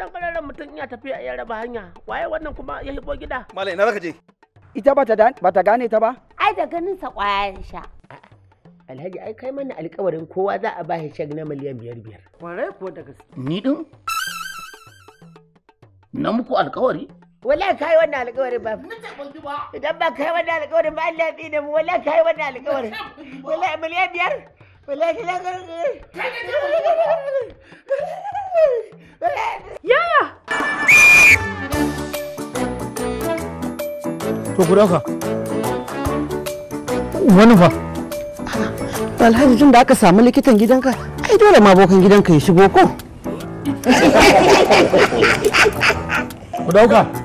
wannan dan mutum iya tafiya ya raba hanya waye wannan kuma ya shigo gida malai na zaka je ita bata ba ta gane ta ba ai da ganin sa kwayan sha alhaji ai kai mana alƙawarin kowa za a bashi shag na miliyan biyar biyar kwarai ko da gaske ni din na muku alƙawari wala kai wannan alƙawarin ba idan ba kai wannan alƙawarin ba Allah ya tsine mu wala kai wannan alƙawarin wala miliyan biyar wala kai To ku dauka. Wani fa? Alhaji tun da aka samu likitan gidanka, ai dole ma bokan gidanka ya shigo ko? Ku dauka.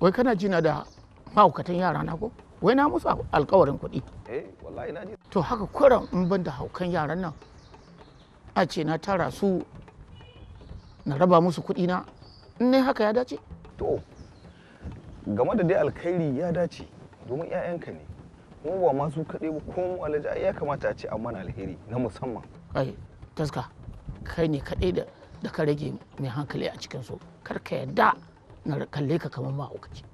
wai kana jina da mahaukatan yara na ko wai na musu alkawarin kuɗi eh, to haka kuran in ban da haukan yaran nan a ce na tara su na raba musu kuɗi na in ne haka ya dace to game da dai alkhairi ya dace domin 'ya'yanka ne kuma ba ma su kaɗai ba ko mu alhaji ya kamata a ce an mana alheri na musamman kai taska kai ne kaɗai da da ka rage mai hankali a cikin su kar ka yadda na kalle ka kamar ce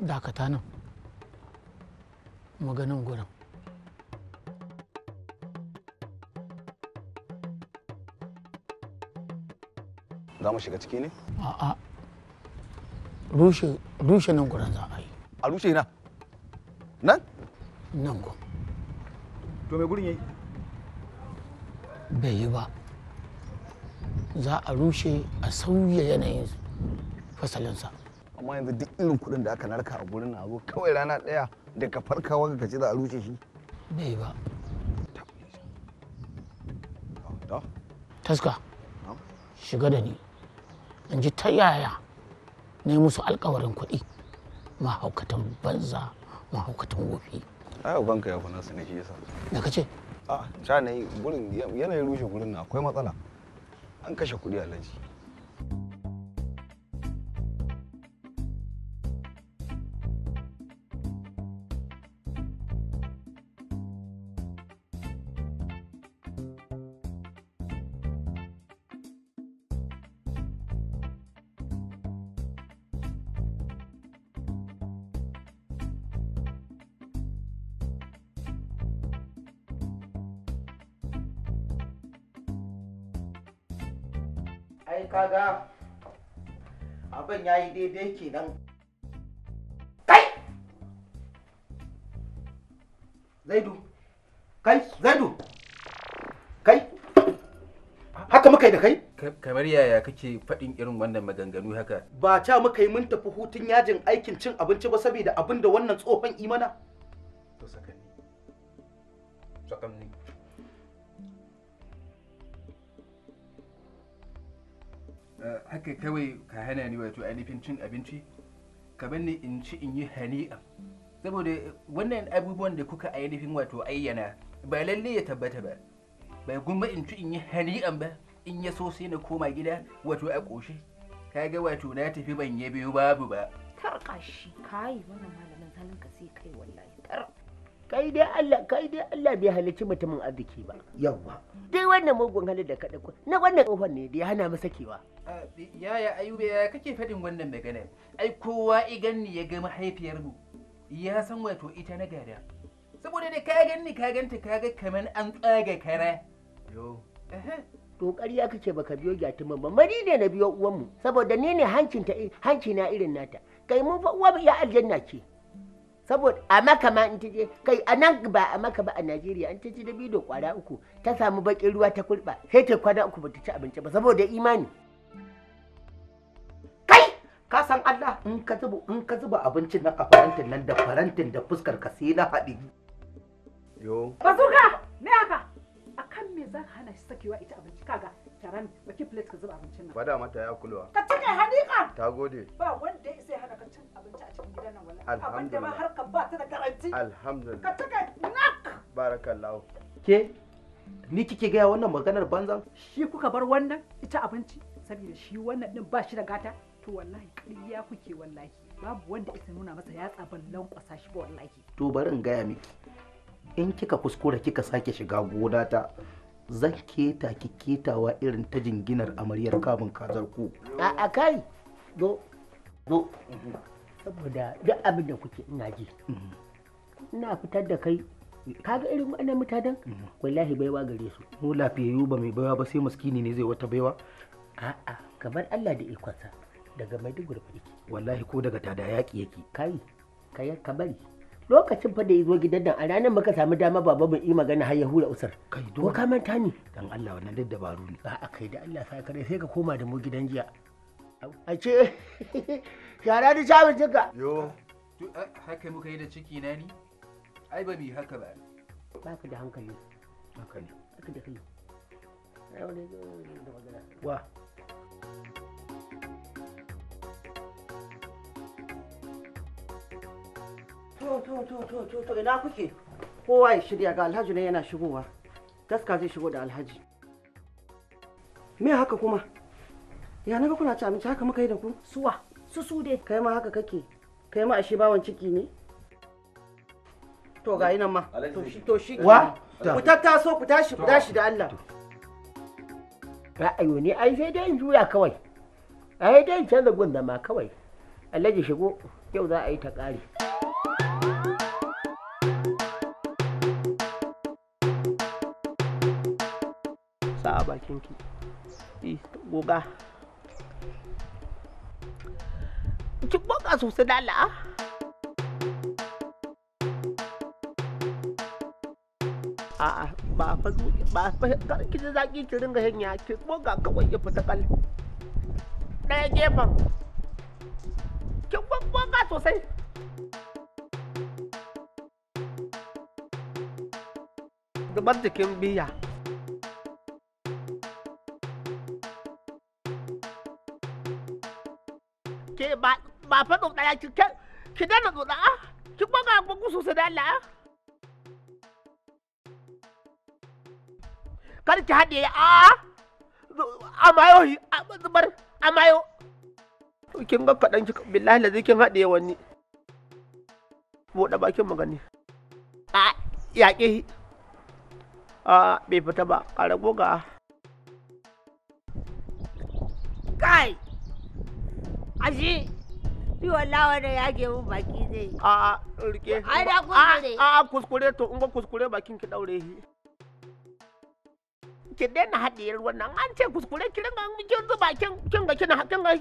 dakata nan maganin gurin za mu shiga ciki ne? a'a rushe nan gurin za a yi a rushe na nan? nan gun to mai gurin yayi bai yi ba za a rushe a sauya yanayin fasalinsa amma yanzu duk irin kuɗin da aka narka a gurin na zo kawai rana ɗaya farka farkawa ka ce za a rushe shi bai ba taska shiga da ni in ji ta yaya ne musu alkawarin kuɗi mahaukatan banza mahaukatan wofi ai banka ya kuna su ne shi yasa da kace a sha ne gurin yanayin rushe gurin na akwai matsala an kashe kuɗi a laji ya yi daidai nan kai zaidu kai zaidu kai haka muka yi da kai kamar yaya kake faɗin irin wannan maganganu haka ba ca muka yi mun tafi hutun yajin aikin cin abinci ba saboda abin da wannan tsohon imana to sakanni sakanni eh, haka kawai hana ni wato ainihin cin abinci kamar ni in ci in yi hani'a saboda wannan abubuwan da kuka ainihin wato ayyana ba lalle ya tabbata ba bai gumma in ci in yi hani'an ba in ya so sai na koma gida wato a ƙoshi ga wato na tafi ban yi biyu babu ba tarkashi kai wannan malamin halin ka sai kai wallahi kar kai dai Allah kai dai Allah bai halicci mutumin arziki ba yawa dai wannan mugun halin da ka dauko na wannan tsohon ne da ya hana masa kewa yaya ayube ya kake fadin wannan magana ai kowa i ganni ya ga mahaifiyar mu ya san wato ita na gada saboda dai ka ganni ka ganta ka ga kaman an tsaga kare. yo to ƙarya kake baka biyo gyatuman ba mari ne na biyo uwanmu saboda ni ne hancinta hanci na irin nata kai mun fa uwa ya aljanna ce saboda a maka ma in taje kai a nan ba a maka ba a najeriya in taje da bido kwara uku ta samu bakin ruwa ta kulba sai ta kwana uku bata ci abinci ba saboda imani kai ka san allah in ka zuba in ka zuba abincin nan a farantin nan da farantin da fuskar ka sai na haɗi yo bazuka me haka akan me za ka hana shi sakewa ita abinci kaga taran baki plate ka zuba abincin nan fada mata ya kulwa ka cika hadika ta gode ba wanda ya sai hana ka cin abinci a cikin gidan nan wallahi abinda ma harkar ba ta da garanti alhamdulillah ka cika nak barakallahu ke ni kike gaya wannan maganar banza. shi kuka bar wannan ita abinci saboda shi wannan din ba shi da gata to wallahi ƙarya kuke wallahi babu wanda isa nuna masa ya tsaban lankwasa shi ba wallahi to bari in gaya miki in kika kuskura kika sake shiga gona ta zan keta ki ketawa irin ta jinginar amaryar kamun kazar ku a kai zo zo saboda duk abin da kuke ina ji mhm. ina fitar da kai kaga irin wannan mutanen mhm. wallahi baiwa gare su mu lafiyayyu ba mai baiwa ba sai maskini ne zai wata baiwa a'a kamar Allah da ikonsa daga Maiduguri yake wallahi ko daga tada yaki yake kai kai ka bari lokacin fa da ya zo gidan nan a ranar muka samu dama ba babu yi magana har ya hura usar kai ko ka manta ni dan Allah wannan duk dabaru ne a kai da Allah sa kare sai ka koma da mu gidan jiya a ce shara da shawar jika yo to eh, haka muka yi da ciki na ni ai ba mi haka ba baka da hankali haka ne haka da kai wa To ina kuke? Kowa ya shirya ga Alhaji ne yana shigowa. Gaska zai shigo da Alhaji. Me haka kuma? Ya naga kuna ci abinci haka muka yi da ku? Suwa, su su dai. Kai ma haka kake. Kai ma ashe bawan ciki ne? To ga ina ma. To shi to Wa? Ku tattaso ku tashi ku tashi da Allah. Ra'ayo ne ai sai dai in juya kawai. Ai dai in canza gun zama kawai. Alhaji shigo yau za a yi ta ƙari. sa a bakin ki eh, goga ki goga sosai da a a ba fa ba fa ki da zaki ki ringa hanya ki boka kawai ya fita kal ɗaya gefan ki goga sosai zubar jikin biya kaya ki ke ki dana tsotsa a ah? ki kwaga gugu sosai da Allah ah? kar ki haɗe ah? a amayo zubar amayo kin ga kaɗan ki billahi da kin haɗe wani buɗe bakin magani a yaƙe a bai fita ba ƙara goga kai ashe shi wallahi wanda ya ge mun baki zai a a rike ai kuskure a kuskure to in kuskure bakin ki daure shi ki daina haɗiyar wannan an ce kuskure ki ringa kin zuba kin kin ga kina kin ga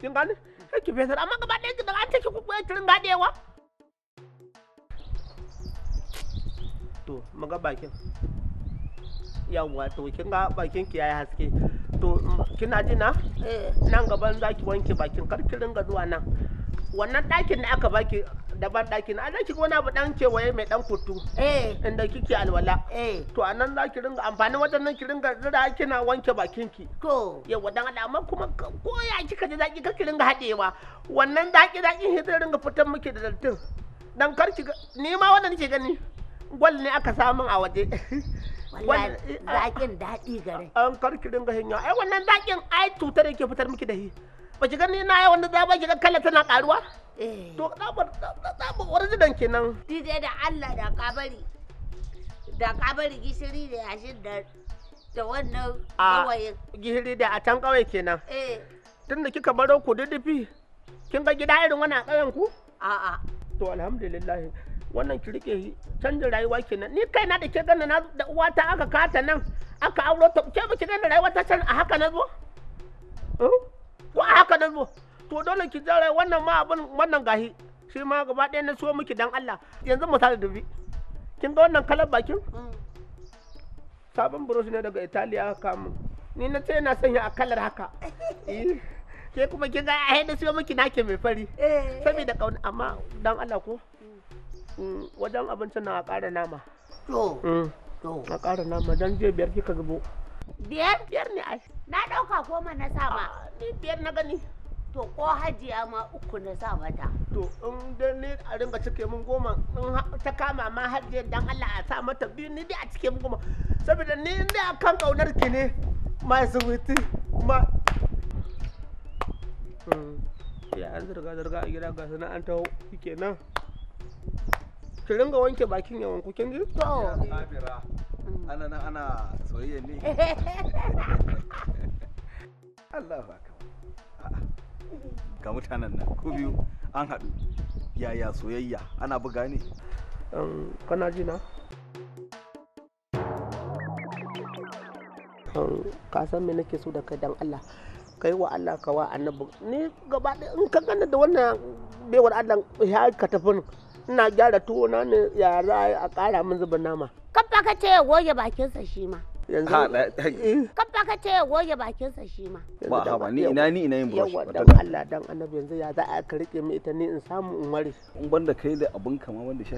kin gani kai ki fesar amma gaba ɗaya da an ce ki kuskure ki ringa to maga bakin yawwa to kin ga bakin ki yayi haske kina kina jina eh. nan gaban zaki wanke bakin kar ki ringa zuwa nan wannan ɗakin da aka baki daban ɗakin a zaki wani abu ɗan kewaye mai ɗan kutu eh. inda kike alwala eh. to a nan zaki ringa amfani wajen nan ki ringa zira kina wanke bakin ki to yawa dan alama kuma ko ya kika ji zaki ki ringa haɗewa wannan zaki zaki zai ringa fitan miki da daltin dan kar ki ni ma wannan nake gani gwal ne aka samun a waje wallahi daɗi gare an karki hanya ai eh, wannan zakin ai cutar da ke fitar miki da hi ba ki gani na yi zaba ki ga kala tana karuwa eh. to zabar zabar warzidan kenan dide da Allah da kabari da kabari gishiri da yashin da da wannan kawaye gishiri da a can kawai kenan eh kika baro ku kin ga gida irin wannan a ƙauyen ku a'a to alhamdulillah wannan ki rike shi canjin rayuwa kenan ni kai na da ke gana na da uwata aka kata nan aka auro ta ke baki gana rayuwa ta can a haka na zo ko a haka na zo to dole ki jira wannan ma abin wannan gahi shi ma gaba ɗaya na so miki dan Allah yanzu misali dubi kin ga wannan kalar bakin mm. sabon buroshi ne daga Italiya aka kamun ni na ce na sanya a kalar haka eh, ke kuma kin ga a da siyo miki nake mai fari eh. saboda kauna amma dan Allah ko Mm, wajen abincin na a ƙara nama mm. to a ƙara nama don je biyar kika zubo biyar biyar ne ai na ɗauka ma na ah, sama ni biyar na gani to ko hajiya ma uku na sa mata to in dai ni a ringa cike min goma in ta kama ma hajiya dan Allah a sa mata biyu ni dai a cike min goma saboda ni a kan ƙaunar ki ne ma zuwiti ma mm. ya an zirga-zirga a gida ga sana'an taho kenan. ki ringa wanke bakin yawan ku kin ji to ana nan ana soyayya ne Allah ba ka ga mutanen nan ku biyu an haɗu yaya soyayya ana buga ne kana ji na ka san me nake so da kai dan Allah kai wa Allah ka wa annabi ni gaba in ka ganna da wannan bewar Allah ya ka tafi ina gyara tuwo na ne ya a kara min zuba nama kafa ka ce ya goge bakinsa shi ma yanzu kafa eh, eh. ka ce ya goge bakinsa shi ma ba haba ni ina ni ina yin brush yawa dan Allah dan annabi yanzu ya za a ka rike mai ita ni in samu in ware in banda kai da abun kama wanda sha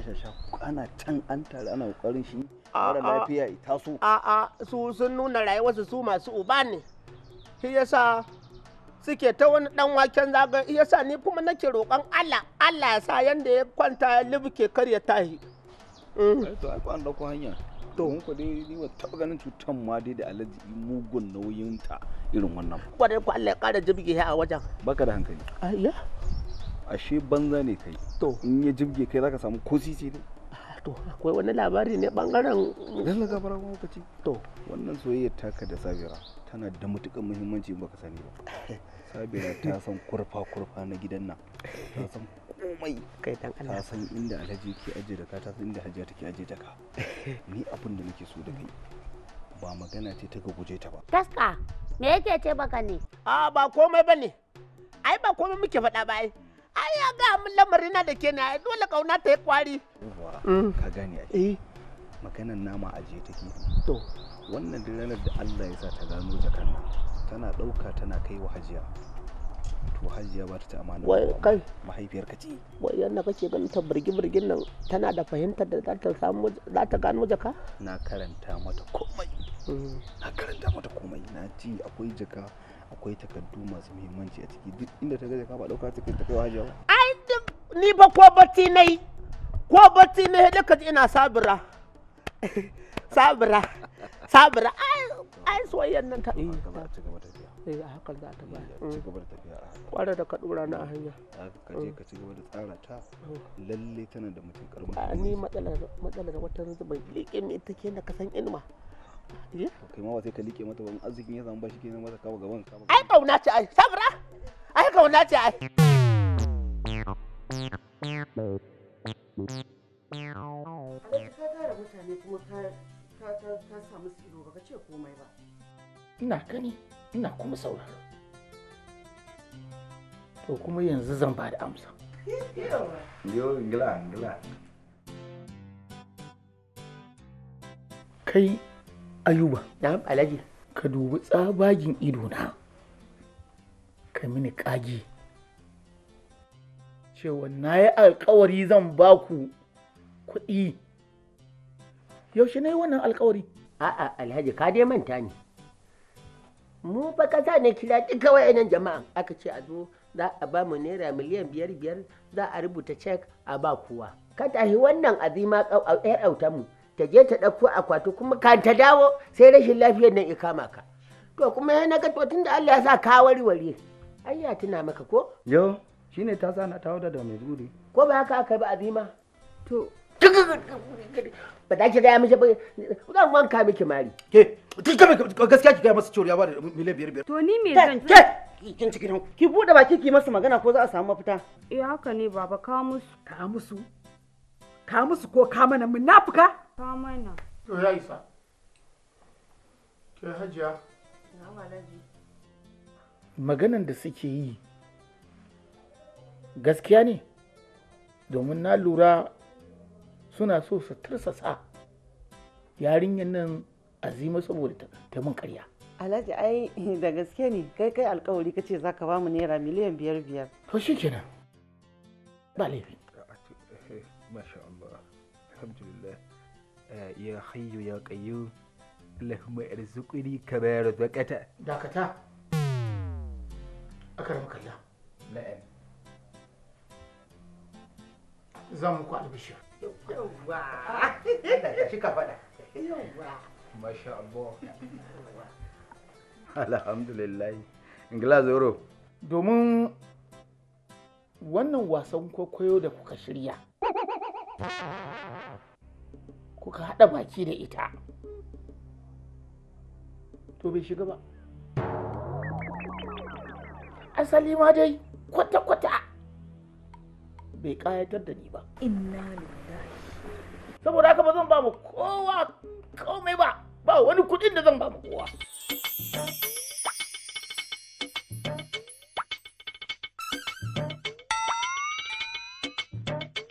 ana can an tare ana kokarin shi mara lafiya ita su A'a, su sun nuna rayuwarsu su masu uba ne shi yasa suke ta wani dan waken zaga yasa ni kuma nake roƙon Allah Allah ya sa yanda ya kwanta ya libke kar ya tahi mm. to ai ko an dauko hanya to mun ko dai ni ba taɓa ganin cutan ma dai da alaji mugun nauyin ta irin wannan kwarai ko Allah ya ƙara jibge a wajen baka da hankali ayya ashe banza ne kai to in ya jibge kai zaka samu ko sisi ne to akwai wani labari ne bangaren dan labara kuma kace to wannan soyayya taka da sabira tana da matuƙar muhimmanci baka sani ba sabira ta san kurfa kurfa na gidan nan ta san komai kai dan Allah ta san inda alhaji ke aje da ka ta san inda hajiya take aje ka ni abin da nake so da kai ba magana ce ta guje ta ba taska me yake ce baka ne a ba komai bane ai ba komai muke faɗa ba ai ai ya ga mun lamarin na da ke na dole kauna ta yi kwari mm. ka gane ai eh. maganan nama aje take to wannan duk ranar da Allah ya sa ta gano jakar nan tana ɗauka tana kai wa hajiya to hajiya ba ta ta amana wai kai mahaifiyar ka ce wai yanda kake ganin ta birgi birgin nan tana da fahimtar da za ta samu za ta gano jaka na karanta mata komai mm. na karanta mata komai na ji akwai jaka akwai takardu masu muhimmanci a ciki duk inda ta ga jaka ba ɗauka ta kai ta kai wa hajiya ba ai ni ba ko bacci nayi ko bacci ne da ka ina sabira sabira sabira ai soyayyar nan ta eh sai eh, a hakan za ta ba ci mm. da tafiya kwarar da ka dora na a hanya ka je mm. ka ci gaba da tsara ta mm. lalle tana da mutum karma a ni matsalar matsalar wata zuban liƙe mai take da ka san ilma eh? kai ma ba sai ka liƙe mata ban arzikin ya samu ba shi kenan masa kawo gaban kama ai kauna ce ai Sabira! ai kauna ce ai tara mutane Thank you. ka samu ido ce komai ba ina gani ina kuma sauraro to kuma yanzu zan ba da amsa yo kai ayuba na alhaji ka dubi tsabagin ido na ka mini kage cewa na yi alkawari zan baku kuɗi yaushe ne wannan alkawari a'a alhaji ka dai manta ne mu fa kasa ne kira duka jama'a aka ce a zo za a ba mu naira miliyan biyar biyar za a rubuta cek a ba kowa ka tahi wannan azima yar mu ta je ta ɗauko akwati kuma ka ta dawo sai rashin lafiyar nan ika maka. to kuma ya naga to tunda Allah ya sa ka warware ya tuna maka ko yo shine ta sa na tawo da mai guri ko ba haka aka ba azima to ba da ki gaya mishi ba zan wanka miki mari ke ki kame gaskiya ki gaya masa cewa ya ba da miliyan biyar biyar to ni me zan ke kin ciki ki bude baki ki masa magana ko za a samu mafita eh haka ne baba ka musu ka musu ka musu ko ka mana munafuka ka mana to ya isa ke hajiya maganan da suke yi gaskiya ne domin na lura suna so su tursasa yarinyar nan azima saboda ta mun karya alhaji ai da gaske ne kai kai alkawari ka ce za ka bamu naira miliyan biyar biyar to shi kenan ba laifi eh, masha Allah alhamdulillah eh, ya hayyu ya qayyu Allahumma irzuqni kama yarzuqata dakata akramaka kalla. na'am zan muku albishir yawwa kika faɗa yawwa masha Allah alhamdulillah ingila zoro domin wannan wasan kwaikwayo da kuka shirya kuka haɗa baki da ita to bai shiga ba asali ma dai kwata-kwata bai ƙayatar da ni ba inna lillahi saboda haka ba zan ba mu kowa komai ba ba wani kudin da zan ba mu kowa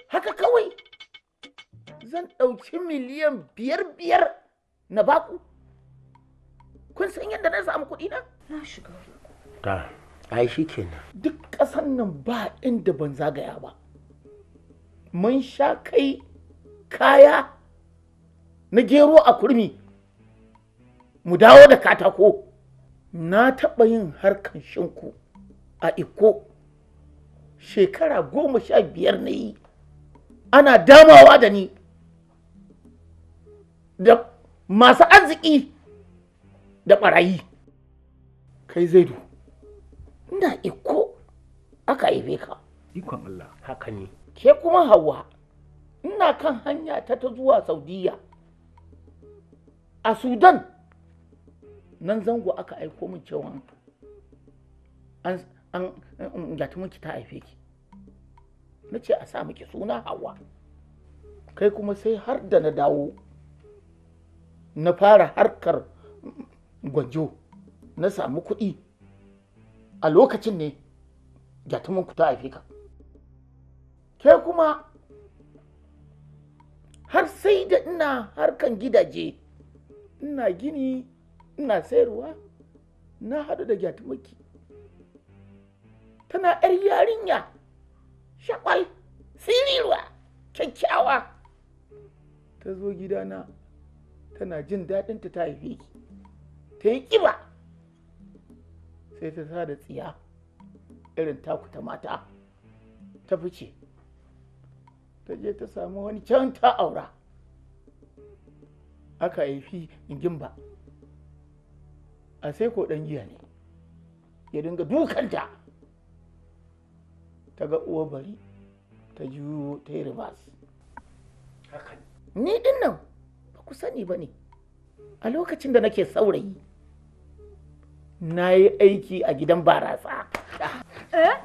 haka kawai zan ɗauki miliyan biyar biyar na baku kun san yadda na samu kuɗi na na shiga ta ai shi kenan duk ƙasan nan ba inda ban zagaya ba mun sha kai kaya na gero a kurmi mu dawo da katako na taɓa yin harkan shinku a iko shekara goma sha biyar na yi ana damawa da ni da masu arziki da ɓarayi kai zaidu ina iko aka haife ka ikon Allah haka ne ke kuma hawa ina kan hanya ta ta zuwa saudiya a sudan nan zango aka aiko min cewa an gata miki ta haife ki na ce a sa miki suna hawa kai kuma sai har da na dawo na fara harkar gwajo na samu kuɗi a lokacin ne gata ta haife ka ke kuma har sai da ina harkan gidaje ina gini ina sayarwa na haɗu da gyatumaki tana 'yar yarinya shakwal siriruwa kyakkyawa ta zo gidana tana jin daɗinta ta haife ki ta yi ƙiba sai ta sa da tsiya irin taku ta mata ta fice ta je ta samu wani can ta aura aka haifi gimba a sai ko ɗan giya ne ya dinga dukanta ta ga uwa bari ta juyo ta yi ribas ni din nan ba ku sani ba ne a lokacin da nake saurayi na yi aiki a gidan barasa eh?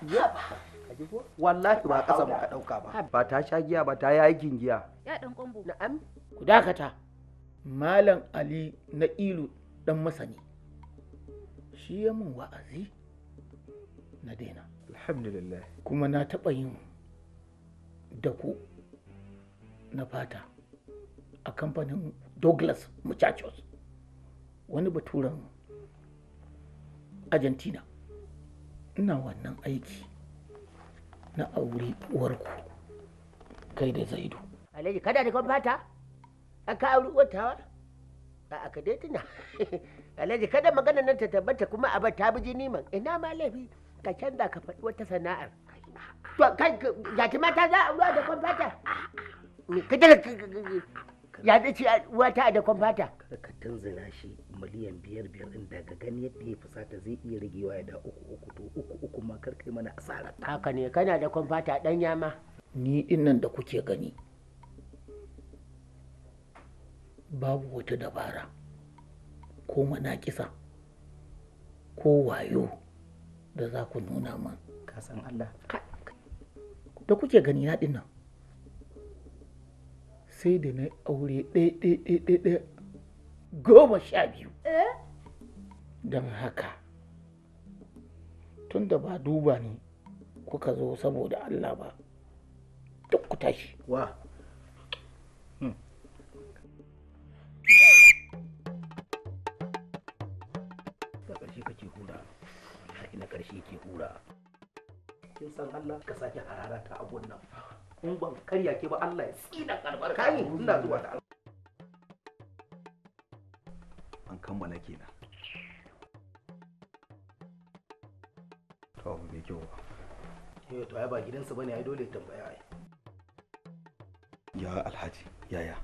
wallahi ba kasa muka dauka ba ba ta sha giya ba ta yi aikin giya ya dan kombo na'am ku dakata malam ali na ilu dan masani shi ya mun wa'azi na daina alhamdulillah kuma na taɓa yin ku na fata a kamfanin douglas muchachos wani baturen argentina ina wannan aiki na auri uwarku kai da zaidu alhaji kada da kan fata aka auri watawa ba a kade tuna alhaji kada magana nan ta tabbata kuma a ta bi jini man ina ma laifi ka canza ka faɗi wata sana'ar to kai ya mata za a ruwa da kan fata ya da ci wata da kwamfata ka tunzura shi miliyan biyar biyar din daga gani yadda ya fusata zai iya ragewa ya da uku uku to uku uku ma kar kai mana asara haka ne kana da kwamfata dan yama ni dinnan da kuke gani babu wata dabara ko manakisa ko wayo da za ku nuna min ka san Allah da kuke gani na dinnan sai da na aure ɗaya goma sha biyu eh? don haka tun da ba duba ni kuka zo saboda Allah ba duk ku tashi wa hmm. ƙarshe ke hura kin san Allah ka sake hararata a nan in ban karya ke ba Allah ya tsina albarka ni ina zuwa da an kammala kenan to abu bai kyau ba eh to ai ba gidansa bane ai dole tambaya ai ya alhaji yaya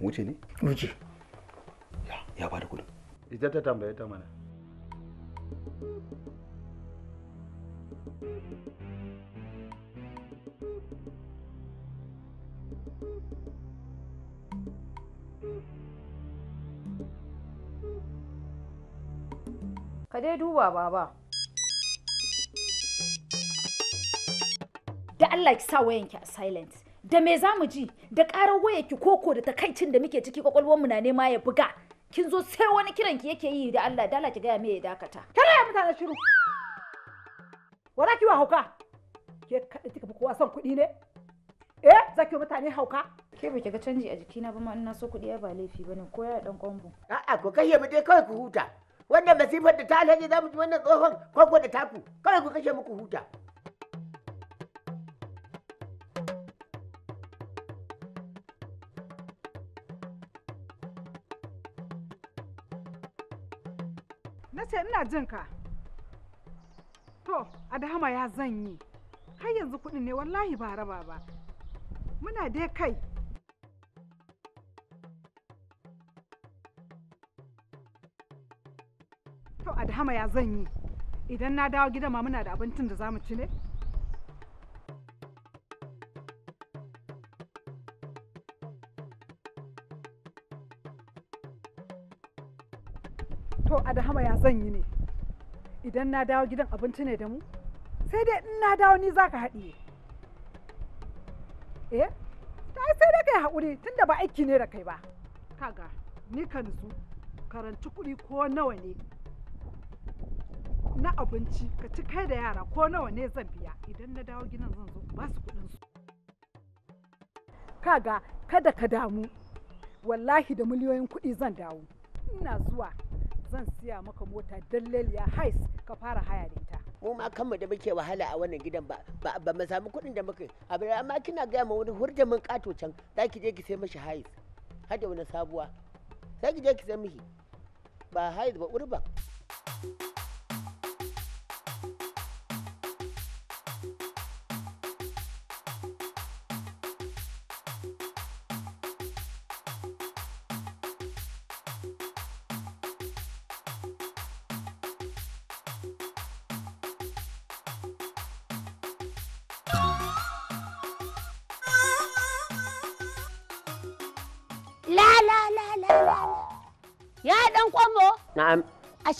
wuce ne wuce ya ya bada kudin ita ta tambaye ta mana dai duba baba da Allah ki sa wayanki a silent da me za mu ji da ƙarar ki koko da takaicin da muke ciki mu na nema ya buga kin zo sai wani kiran ki yake yi da Allah da Allah ki gaya me ya dakata Kana ya mutane shiru wala ki wa hauka ke kada kika fi kowa son kuɗi ne eh ki mutane hauka ke ba ki ga canji a jikina ba ma ina so kuɗi ya ba laifi bane ko ya dan kwambo a'a ko kai ya dai kawai ku huta wannan masifar da ta alhaji za mu ji wannan tsohon koko da taku kawai ku kashe muku huta na ina jin ka to adahama ya zan yi har yanzu kuɗin ne wallahi ba raba ba muna dai kai Adhama ya zan yi idan na dawo gidan ma muna da abincin da zamu ci ne to Adhama ya zan yi ne idan na dawo gidan abinci ne da mu sai dai in na dawo ni zaka haɗiye eh ta sai dai kai haƙuri tunda ba aiki ne da kai ba kaga ni kan su karanci kuɗi ko nawa ne na abinci ka ci kai da yara ko nawa ne zan biya idan na dawo gidan zan zo ba su kuɗin su kaga kada ka damu wallahi da miliyoyin kuɗi zan dawo ina zuwa zan siya maka mota dalleliya hais ka fara haya da ita mu ma kanmu da muke wahala a wannan gidan ba ba mu samu kuɗin da muke abin amma kina gaya ma wani hurda mun kato can za ki je ki sai mishi hais hada wani sabuwa zaki ki je ki sai mishi ba hais ba urban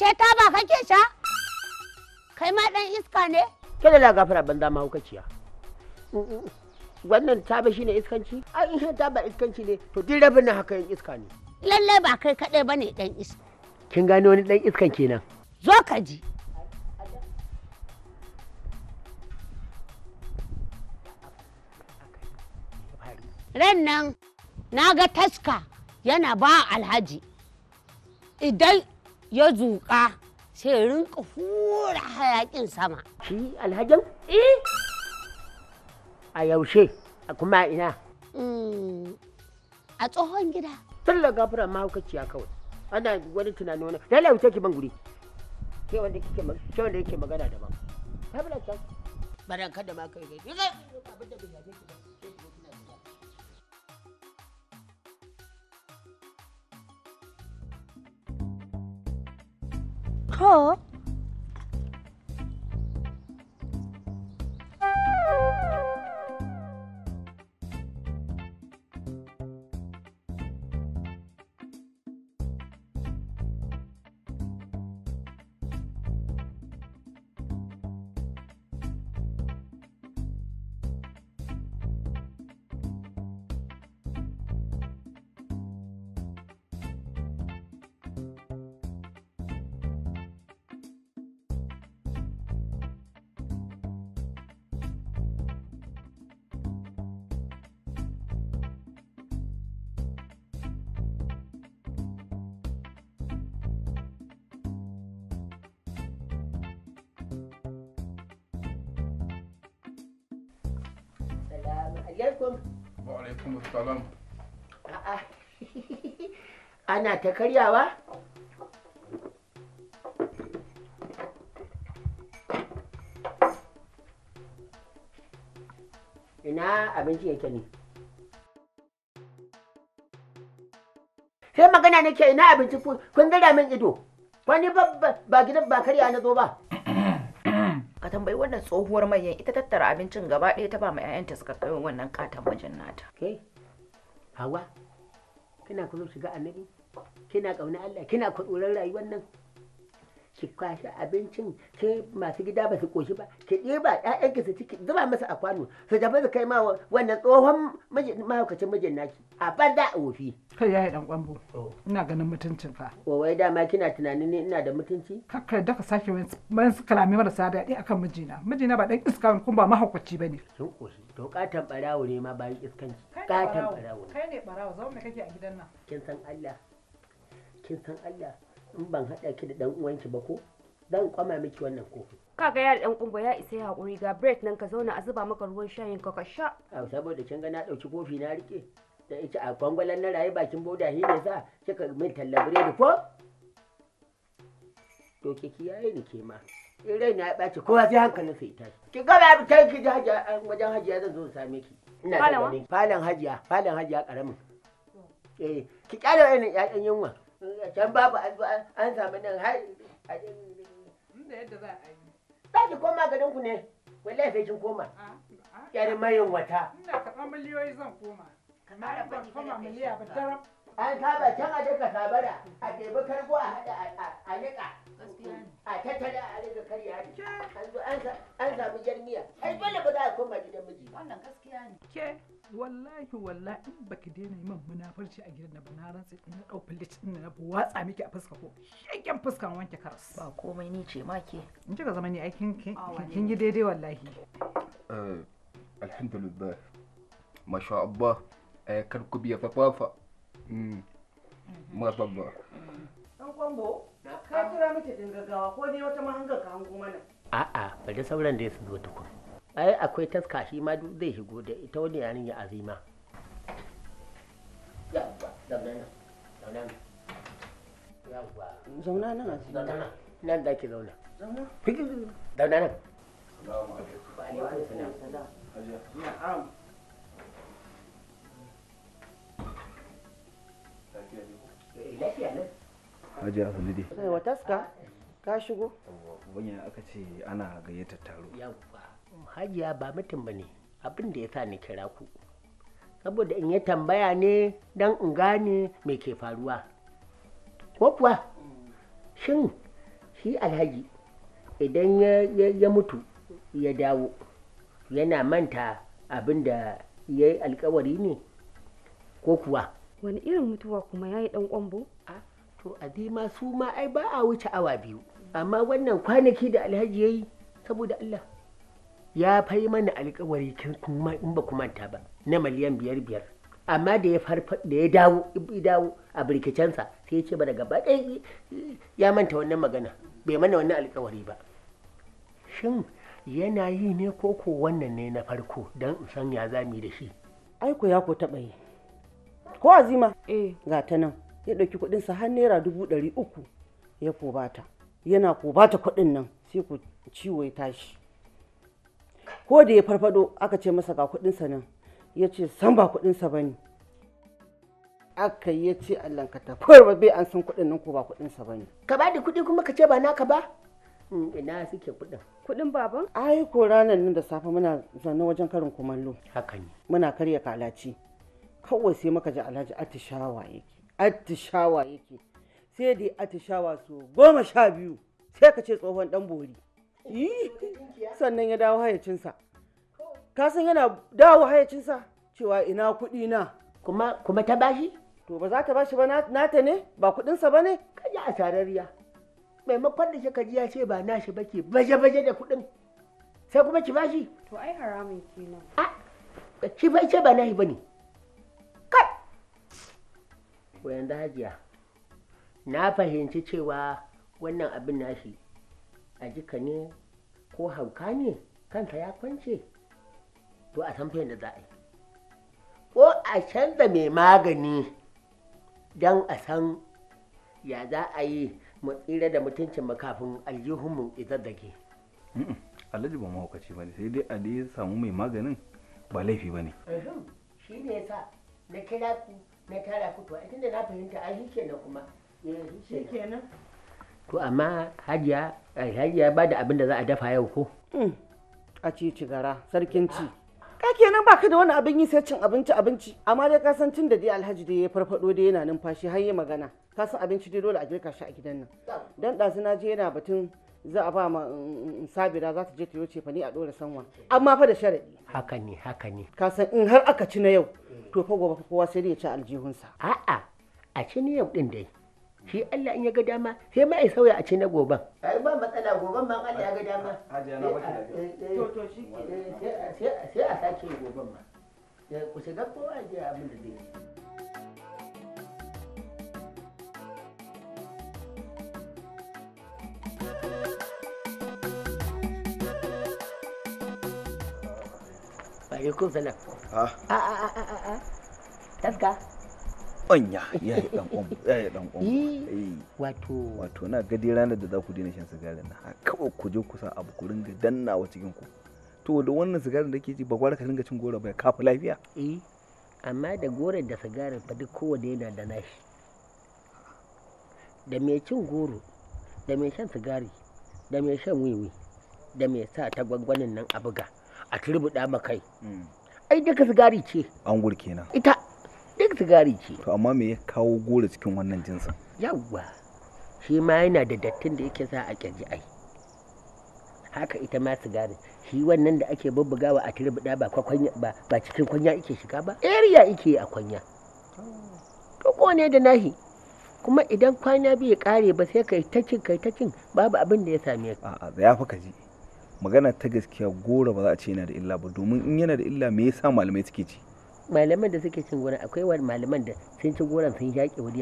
ashe ta ba kake sha kai ma dan iska ne ke da gafara banza mahaukaciya wannan taba shine iskanci ai in taba iskanci ne to din rabin nan haka yin iska ne lallai ba kai kadai bane dan iska kin gane wani dan iskan kenan zo ka ji ran nan na ga taska yana ba alhaji idan ya zuƙa sai rinka hura hayaƙin sama. Shi alhajan? Eh. A yaushe, a kuma ina? Mm. A tsohon gida. Tun da gafara mahaukaciya kawai. Ana wani tunanin wani. Lala wuce ki ban guri. Ke wanda yake magana daban. Tabbata. Baranka da ma kai. Yanzu abin da bai ki ba. 好。alaikum wa alaikum ana ta karyawa ina abinci yake ne sai magana nake ina abinci kun gada min ido wani ba gidan ba karya na zo ba tambayi wannan tsohuwar manyan ita tattara abincin gaba ɗaya ta ba ma 'ya'yanta suka kai wannan katon mijin nata ke hawa kina kuzo shiga annabi kina ƙauna Allah kina kwaɗoran rayuwar nan ki kwashi abincin ke masu gida ba su koshi ba ki ɗiba ƴaƴanki su ciki zuba masa a kwano su tafi su kai ma wannan tsohon mahaukacin mijin naki a bada a wofi. kai ya yi ɗan ƙwambo oh. ina ganin mutuncin ka. o wai dama kina tunanin ne ina da mutunci. kakkai da ka sake wani su kalami marasa daɗi akan mijina mijina ba ɗan iska kuma ba mahaukaci ba ne. sun koshi to ƙaton ɓarawo ne ma bayan iskanci ƙaton ɓarawo. kai ne ɓarawo zama me kake a gidan nan. kin san Allah kin san Allah in ban haɗa ki da dan uwanki ba ko zan kwama miki wannan kofi. kaga ya da dan kumbo ya isa ya hakuri ga bread nan ka zauna a zuba maka ruwan shayin ka ka sha a saboda kin ga na dauki kofi na rike da ita a kwangwalan na rayi bakin boda hi ne sa kika min talla biredi ko to ke kiyaye ni ke ma in rai na ya ɓaci kowa sai hankalin sai tashi ki gaba bi kai ki hajiya wajen hajiya zan zo in same ki ina da falan hajiya falan hajiya karamin eh ki kyale wa'annan ƴaƴan yunwa can babu addu'a an samu nan har da yadda za a yi za ki koma garin ku ne wallahi sai kin koma yar mayin wata ina karɓar miliyoyi zan koma kamar ban koma miliya ba darab an saba can a duka sabara a tebi kargo a haɗa a niƙa a tattala a rika karya an an samu jarmiya ai dole ba za a koma gidan miji wannan gaskiya ne ke wallahi wallahi in baki daina yi min munafarci a gidan ba na rantsi na ɗau filit ɗin na watsa miki a fuska ko shekin fuska wanke karas ba komai ni ce ma ke in kika zama ni aikin kin yi daidai wallahi eh, alhamdulillah masha Allah eh, kar ku biya fafafa Mata mm. ba. Ɗan mm. kwango, ka kira miki din ko dai wata mahangar ka hango mana. A'a, bari sauran da ya su zo tukun. Ai akwai taska shi ma duk zai shigo da ita wani ya azima. zauna nan. nan da ke zauna. Zauna. Zauna nan. Assalamu alaikum. Wa alaikum salam. Haji Afani Sai ka shigo? aka ce ana gayyatar taro. Yawwa. Hajiya ba mutum ne Abin da ya sa ni kira ku. Saboda in ya tambaya ne dan in gane me ke faruwa. Ko kuwa? Shin shi Alhaji idan ya mutu ya dawo yana manta abin da ya yi alkawari ne ko kuwa wani irin mutuwa kuma ya yi dan kwambo to adima su ma ai ba a wuce awa biyu amma wannan kwanaki da alhaji ya yi saboda Allah ya fai mana alkawari kuma in ba ku manta ba na miliyan biyar biyar amma da ya farfa da ya dawo dawo a birkicensa sai ya ce ba daga ɗaya ya manta wannan magana bai mana wannan alkawari ba shin yana yi ne ko wannan ne na farko don in san ya zami da shi aiko ya ko taɓa yi ko azima eh ga ta nan ya ɗauki kuɗin sa har naira dubu ɗari uku ya kobata yana kobata kuɗin nan sai ku ciwo ya tashi ko da ya farfado aka ce masa ga kuɗin sa nan ya ce san ba kuɗin sa bane aka yi ce Allah ka tafiyar ba bai an san kuɗin nan ko ba kuɗin sa bane ka ba da kuɗi kuma ka ce ba naka ba hmm, ina suke kuɗin kuɗin baban ai ko ranar nan da safe muna zanne wajen karin kumallo haka ne muna karya kalaci kawai sai maka ji alhaji atishawa yake atishawa yake sai dai atishawa so goma sha biyu sai ka ce tsohon dan bori sannan ya dawo hayacinsa ka san yana dawo hayacinsa cewa ina kuɗi na kuma kuma ta bashi to ba za ta bashi ba nata ne ba kuɗinsa ba ne kaji a tarariya maimakon da kika ji ya ce ba nashi ba ke baje-baje da kuɗin sai kuma ki bashi to ai haramun kenan a ki bai ce ba nashi ba ne wayan hajiya na fahimci cewa wannan abin nashi a jika ne ko hauka ne kanta ya kwance to a san fahimta za a yi ko a canza mai magani don a san ya za a yi mu tsira da mutuncin makafin aljihunmu ke alhaji ba mahaukaci ba ne sai dai a ya samu mai maganin ba laifi ba ne shi ne sa na kira ku na to tunda na fahimta ai shi kenan kuma eh, to amma hajiya ba da abin da za a dafa yau ko mm. a ci cigara sarkin ci ka kenan baka da wani abin yi sai cin abinci abinci amma dai ka san tun da dai alhaji dai ya farfado dai yana numfashi har yi magana ka san abinci dai dole a girka shi a gidan nan dan ɗazu na je yana batun za a ba ma sabira za ta je ta yoce fani a dora sanwa amma fa da sharadi haka ne haka ne ka san in har aka ci na yau to fa gobe kowa sai ya ci aljihunsa a'a a ci ne yau din dai shi Allah in ya ga dama sai ma sauya a ci na goban ai ba matsala goban ma Allah ya ga dama haji na baki da eh, eh, eh, to to shi sai a sake goban ma ku shiga kowa ya abin da dai. Alaikun salam. A a ah. a ah, a ah, a a. Taska. Onya, ya yi dan ƙwan, ya dan ƙwan. Wato. Wato na gadi ranar da za ku daina shan sigarin na kawai ku je kusa sa abu ku ringa dannawa cikin ku. To da wannan sigarin da ke ji ba gwara ka ringa cin goro bai kafa lafiya. Eh. Amma da goro da sigarin fa duk kowanne yana da nashi. Da mai cin goro da mai shan sigari da mai shan wiwi da mai sa ta gwangwanin nan a buga a turbuɗa ma kai mm. ai duka sigari ce an gurke kenan ita duk sigari ce to amma me ya kawo gore cikin wannan jinsin yawwa shi ma yana da dattin da yake sa a kirji ai haka ita ma sigari shi wannan da ake bubbugawa a turbuɗa ba kwakwanya ba ba cikin kwanya yake shiga ba area yake a kwanya to oh. ko ne da nahi kuma idan kwana biyu ya kare ba sai kai ta cin kai ta cin babu abin da ya same ka a'a ya fi ka ji magana ta gaskiya goro ba za a ce yana da illa ba domin in yana da illa me yasa malamai suke ci malaman da suke cin gora akwai wani malaman da sun ci goran sun yaƙi wani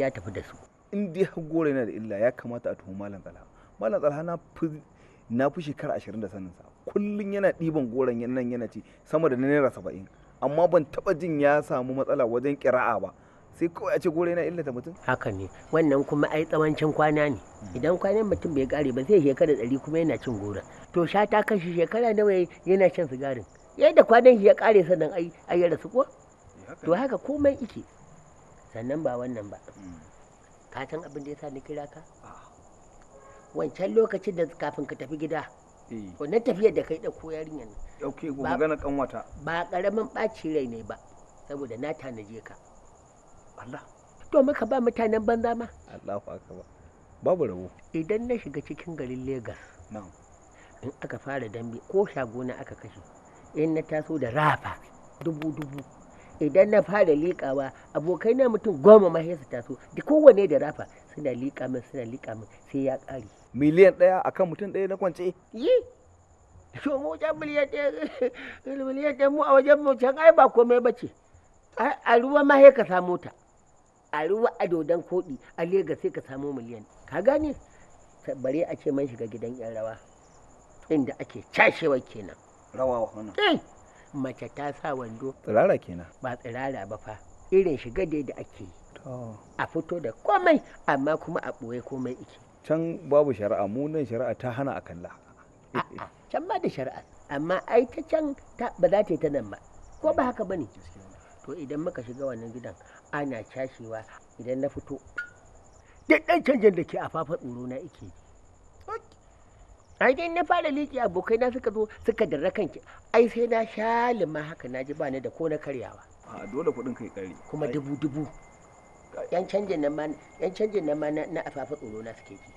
ya tafi da su in dai har goro yana da illa ya kamata a tuhu malam tsala malam tsala na fi na fi shekara ashirin da saninsa kullum yana ɗiban goron nan yana ci sama da naira saba'in amma ban taɓa jin ya samu matsala wajen ƙira'a ba sai kawai a ce gore na illata mutum haka ne wannan kuma ai tsawancin kwana ne hmm. idan kwanan mutum bai kare ba sai shekara ɗari kuma yana cin gora to sha ta kashi shekara nawa yana shan sigarin yadda kwanan shi ya kare sannan ai ai ya rasu ko eh, to haka komai ike sannan ba wannan ba hmm. ka san abin da yasa ni kira ka ah. wancan lokacin da kafin ka tafi gida eh. wannan tafiyar da kai ɗauko yarinyar ne ba ƙaramin ɓaci rai ne ba saboda na tanaje ka Allah to muka ba mutanen banza ma Allahu ba. babu rabo idan na shiga cikin garin Lagos na'am in aka fara dambe ko shagona aka kashe in na taso da rafa dubu dubu idan na fara liƙawa abokai na mutum goma ma su taso da kowane da rafa suna liƙa min suna liƙa min sai ya ƙare miliyan ɗaya akan mutum ɗaya na kwance yi So mu can miliyan ɗaya miliyan ɗaya mu a wajen mu can ai ba komai bace a ruwa ma ka samu ta a ruwa a dodon koɗi a Legas sai ka samu miliyan ka gane bare a ce man shiga gidan yan rawa inda ake cashewa kenan rawa wannan eh, mace ta sa wando tsirara kenan ba tsirara ba fa irin shiga dai da ake yi a fito da komai amma kuma a ɓoye komai ike can babu shari'a mu nan shari'a ta hana a kalla can ba da shari'a amma ai ta can ba za ta yi ta nan ba ko ba haka ba ne to idan muka shiga wannan gidan ana cashewa idan na fito duk ɗan canjin da ke a fafa tsoro na ike ai dai na fara liƙi abokai na suka zo suka darra kanki ai sai na sha lima haka na ji bani da ko na karyawa a dole kuɗin kai kare kuma dubu dubu yan canjin nan ma yan canjin nan ma na afafa tsoro na suke ji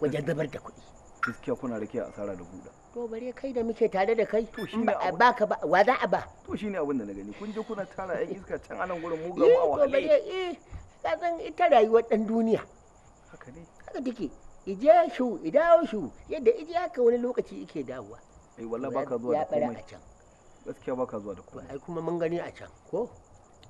wajen zubar da kuɗi gaskiya kuna rike asara da buɗa to bare kai da muke tare da kai to shine a baka ba wa za a ba to shine abin da na gani kun je kuna tara yan iska can anan gurin mu ga mu eh, a wahala eh ka san ita rayuwar dan duniya haka ne haka take ije shu idawo shu yadda ije haka wani lokaci yake dawowa eh wallahi baka zuwa da komai gaskiya baka zuwa da komai ai kuma mun gani a can ko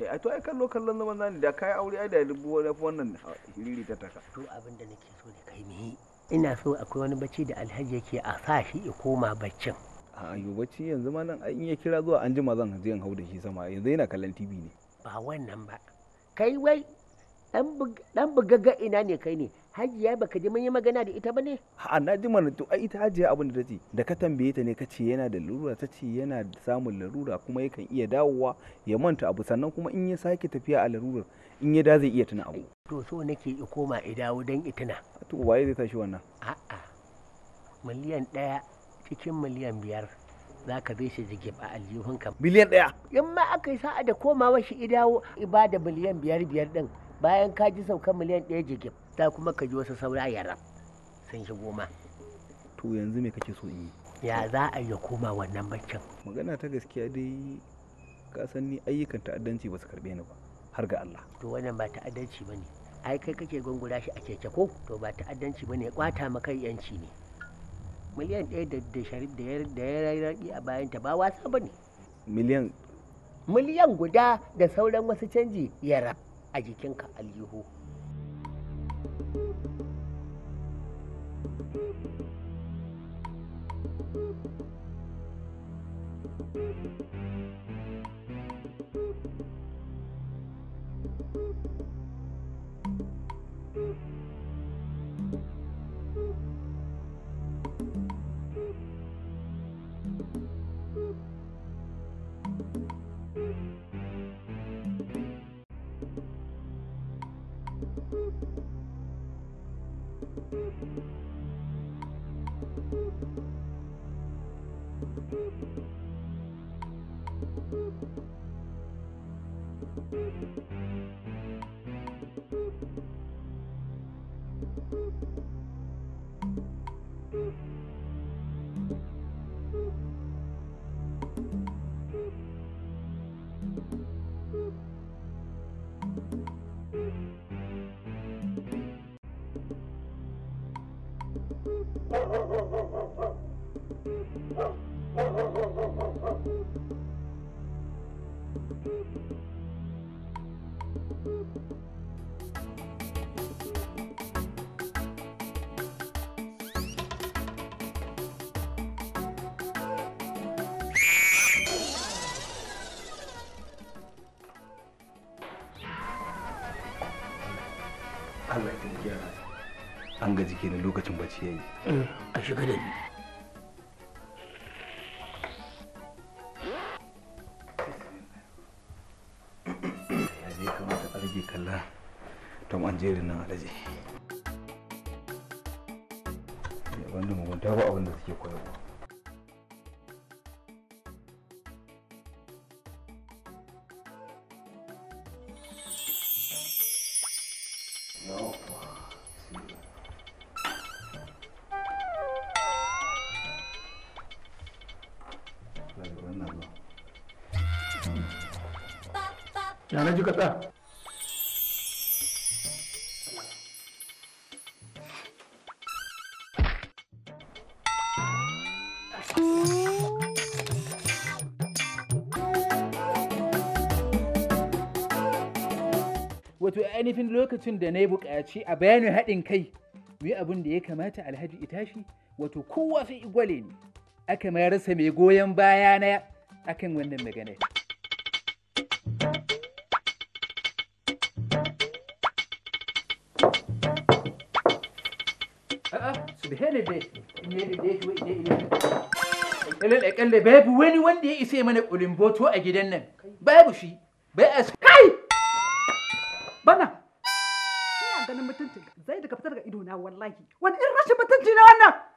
eh ai to ai kallo kallon zaman zani da kai aure ai da dubu wani wannan hiriri ta taka to abin da nake so ne kai mu yi ina so akwai wani bacci da alhaji yake a sa shi ya koma baccin a yo bacci yanzu ma nan in ya kira zuwa an jima zan je in hau da shi sama yanzu yana kallon tv ne ba wannan ba kai wai dan ga ina ne kai ne hajiya baka ji mun yi magana da ita ba ne a na ji mana to ai ita hajiya abin da tace da ka tambaye ta ne ka ce yana da larura ta ce yana samun larura kuma yakan iya dawowa ya manta abu sannan kuma in ya sake tafiya a larurar in ya da zai iya tuna abu to so nake i koma i dawo dan tuna to waye zai tashi wannan a'a miliyan ɗaya cikin miliyan biyar za ka zai shi jigib a aljihunka miliyan ɗaya in ma aka yi sa'a da komawa shi i dawo i ba da miliyan biyar biyar din bayan ka ji saukan miliyan ɗaya jigim ta kuma ka ji wasu saura yaran sun shi goma. to yanzu me kake so in yi ya za a yi koma wannan baccin magana ta gaskiya dai ka san ni ayyukan ta'addanci ba su karbe ni ba har ga Allah to wannan ba ta'addanci bane ai kai kake gungura shi a keke ko to ba ta'addanci bane ya kwata maka yanci ne miliyan ɗaya da da sharif da da ya rarraki a bayan ta ba wasa bane miliyan miliyan guda da sauran wasu canji ya rab a jikinka alihu Thank kenan lokacin bacci yayi eh, a shiga da ni ya kamata alge kalla tom an jerin nan alaji ya banda mugunta ba abinda suke koyarwa lokacin da na yi buƙaci a bayanin haɗin kai mai abin da ya kamata alhaji itashi wato kowa sai igwale ne aka ma rasa mai goyon baya na akan wannan maganar babu wani wanda ya isa mana a gidan nan. Bana! mutunci zai daga fitar ga ido na wallahi wani irin rashin mutunci ne wannan